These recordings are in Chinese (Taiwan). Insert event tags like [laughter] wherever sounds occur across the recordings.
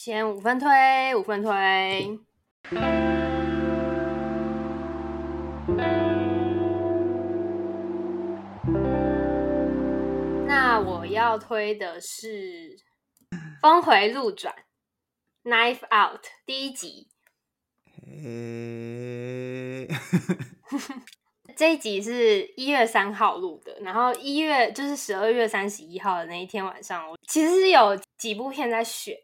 先五分推，五分推。Okay. 那我要推的是《鋒迴路轉》《Knives Out》第一集。嗯、uh... [laughs] [laughs] 這一集是一月三號錄的，然後一月就是十二月三十一號的那一天晚上，我其實有幾部片在選。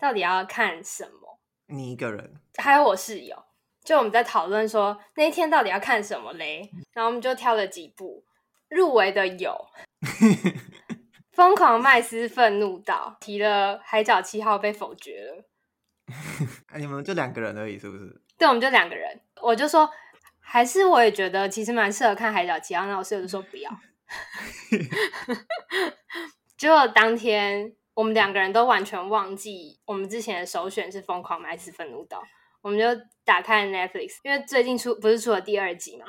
到底要看什麼？你一個人，還有我室友，就我們在討論說那一天到底要看什麼嘞？然後我們就挑了幾部入圍的，有《瘋 [laughs] 狂麥斯》《憤怒道》，提了《海角七號》被否決了。你、 [laughs] 哎、們就兩個人而已，是不是？對，我們就兩個人。我就說，還是我也覺得其實蠻適合看《海角七號》，那我室友就說不要。 [laughs] 就當天。我們兩個人都完全忘記我們之前的首選是《瘋狂麥斯》《憤怒道》，我們就打開 Netflix，因為最近出不是出了第二集嘛，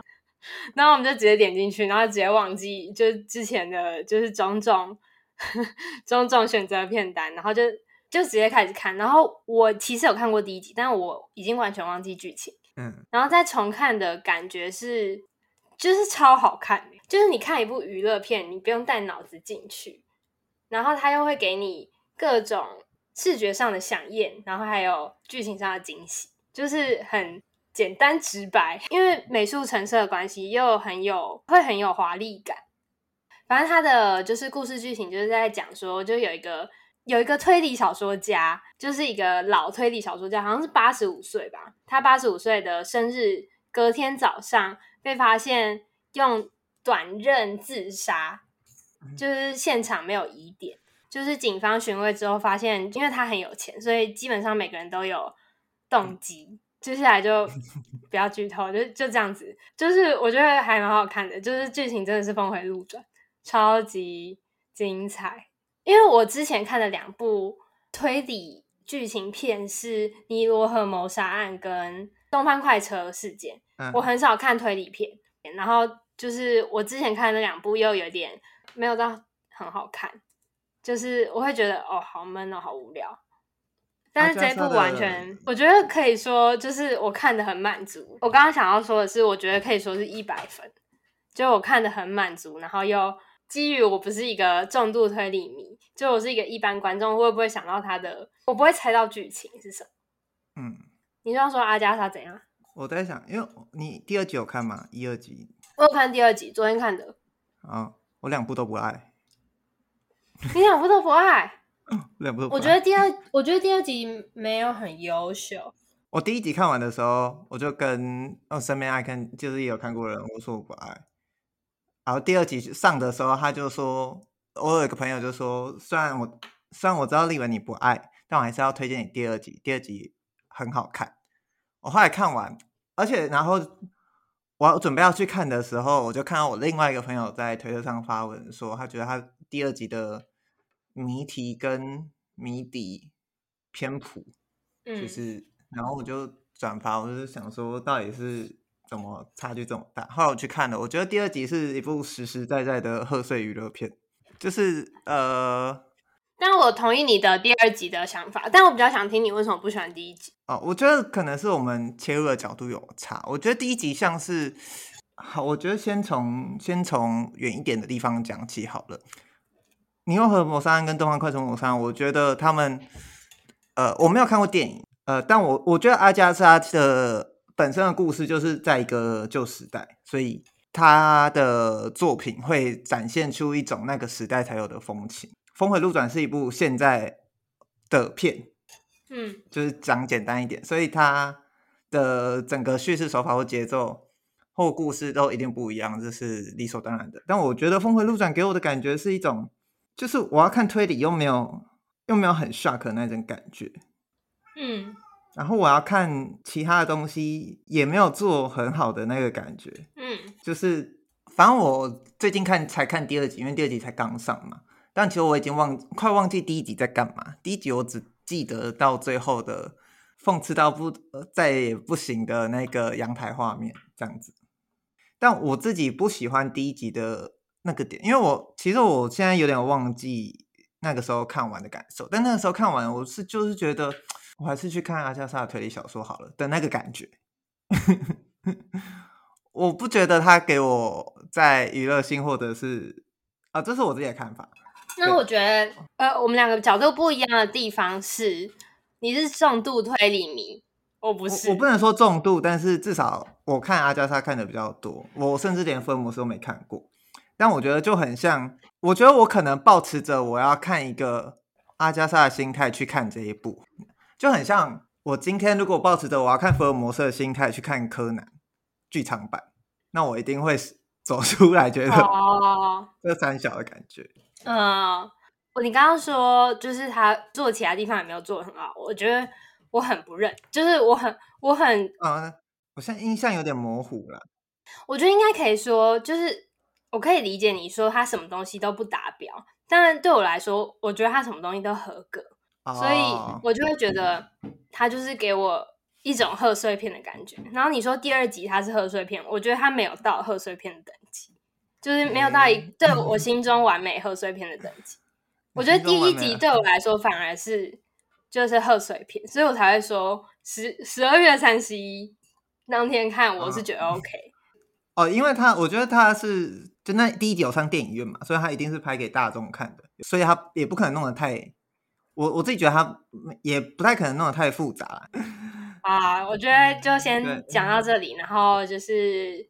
然後我們就直接點進去，然後直接忘記，就是之前的就是種種呵呵種種選擇片單，然後就就直接開始看。然後我其實有看過第一集，但我已經完全忘記劇情。嗯，然後再重看的感覺是，就是超好看欸，就是你看一部娛樂片，你不用帶腦子進去。然後他又會給你各種視覺上的饗宴，然後還有劇情上的驚喜，就是很簡單直白，因為美術成色的關係，又很有會很有華麗感。反正他的就是故事劇情就是在講說，就有一個有一個推理小說家，就是一個老推理小說家，好像是八十五歲吧。他八十五歲的生日隔天早上被發現用短刃自殺。就是現場沒有疑點，就是警方詢問之後發現，因為他很有錢，所以基本上每個人都有動機。接下來就不要劇透，就就這樣子。就是我覺得還蠻好看的，就是劇情真的是峰回路轉，超級精彩。因為我之前看的兩部推理劇情片是《尼羅河謀殺案》跟《東方快車事件》，我很少看推理片，嗯，然後就是我之前看的兩部又有點。沒有到很好看，就是我會覺得哦，好悶哦，好無聊。但是這一部完全，我覺得可以說就是我看得很滿足。我剛剛想要說的是，我覺得可以說是一百分，就我看得很滿足。然後又基於我不是一個重度推理迷，就我是一個一般觀眾，會不會想到他的？我不會猜到劇情是什麼。嗯，你這樣說阿加莎怎樣？我在想，因為你第二集有看嗎？一、二集我有看，第二集，昨天看的。啊、哦。我兩部都不愛，你兩部都不愛。 [laughs] 兩部都不愛。我覺得第二，我覺得第二集沒有很優秀。我第一集看完的時候，我就跟我、哦、身邊愛看，就是也有看過的人，我說我不愛。然後第二集上的時候，他就說，我有一個朋友就說，雖然我雖然我知道麗文你不愛，但我還是要推薦你第二集。第二集很好看。我後來看完，而且然後。我準備要去看的時候，我就看到我另外一個朋友在推特上發文說，他覺得他第二集的謎題跟謎底偏普，就是，嗯、然後我就轉發，我就想說，到底是怎麼差距這麼大？後來我去看了，我覺得第二集是一部實實在在，在的賀歲娛樂片，就是呃。但我同意你的第二集的想法，但我比較想聽你為什麼不喜歡第一集哦，我覺得可能是我們切入的角度有差。我覺得第一集像是好，我覺得先從先從遠一點的地方講起好了。尼羅河謀殺案跟東方快車謀殺案，我覺得他們呃，我沒有看過電影，呃，但我我覺得阿加莎的本身的故事就是在一個舊時代，所以他的作品會展現出一種那個時代才有的風情。《鋒迴路轉》是一部現在的片，嗯，就是講簡單一點，所以它的整個敘事手法或節奏或故事都一定不一樣，這是理所當然的。但我覺得《鋒迴路轉》給我的感覺是一種，就是我要看推理又沒有又沒有很 shock 的那種感覺，嗯。然後我要看其他的東西也沒有做很好的那個感覺，嗯。就是反正我最近看才看第二集，因為第二集才剛上嘛。但其實我已經忘快忘記第一集在幹嘛。第一集我只記得到最後的諷刺到不再也不行的那個陽台畫面這樣子。但我自己不喜歡第一集的那個點，因為我其實我現在有點忘記那個時候看完的感受。但那個時候看完，我是就是覺得我還是去看阿加莎的推理小說好了的那個感覺。 [laughs] 我不覺得他給我在娛樂性或者是啊，這是我自己的看法。那我覺得，呃，我們兩個角度不一樣的地方是，你是重度推理迷，哦，我不是，我不能說重度，但是至少我看阿加莎看的比較多，我甚至連福爾摩斯都沒看過。但我覺得就很像，我覺得我可能抱持着我要看一個阿加莎的心態去看這一部，就很像我今天如果抱持着我要看福爾摩斯的心態去看柯南劇場版，那我一定會走出來，覺得、哦、這三小的感覺。嗯，我你剛剛說就是他做其他地方也沒有做很好？我覺得我很不認，就是我很我很嗯，我現在印象有點模糊了。我覺得應該可以說，就是我可以理解你說他什麼東西都不達標，但對我來說，我覺得他什麼東西都合格，哦、所以我就會覺得他就是給我一種賀歲片的感覺。然後你說第二集他是賀歲片，我覺得他沒有到賀歲片的等級。就是沒有到一對我心中完美賀歲片的等級，我覺得第一集對我來說反而是就是賀歲片，所以我才會說十十二月三十一當天看我是覺得 OK、啊、哦，因為他我覺得他是真的第一集有上電影院嘛，所以他一定是拍給大眾看的，所以他也不可能弄得太我我自己覺得他也不太可能弄得太複雜了啊，我覺得就先講到這裡，然後就是。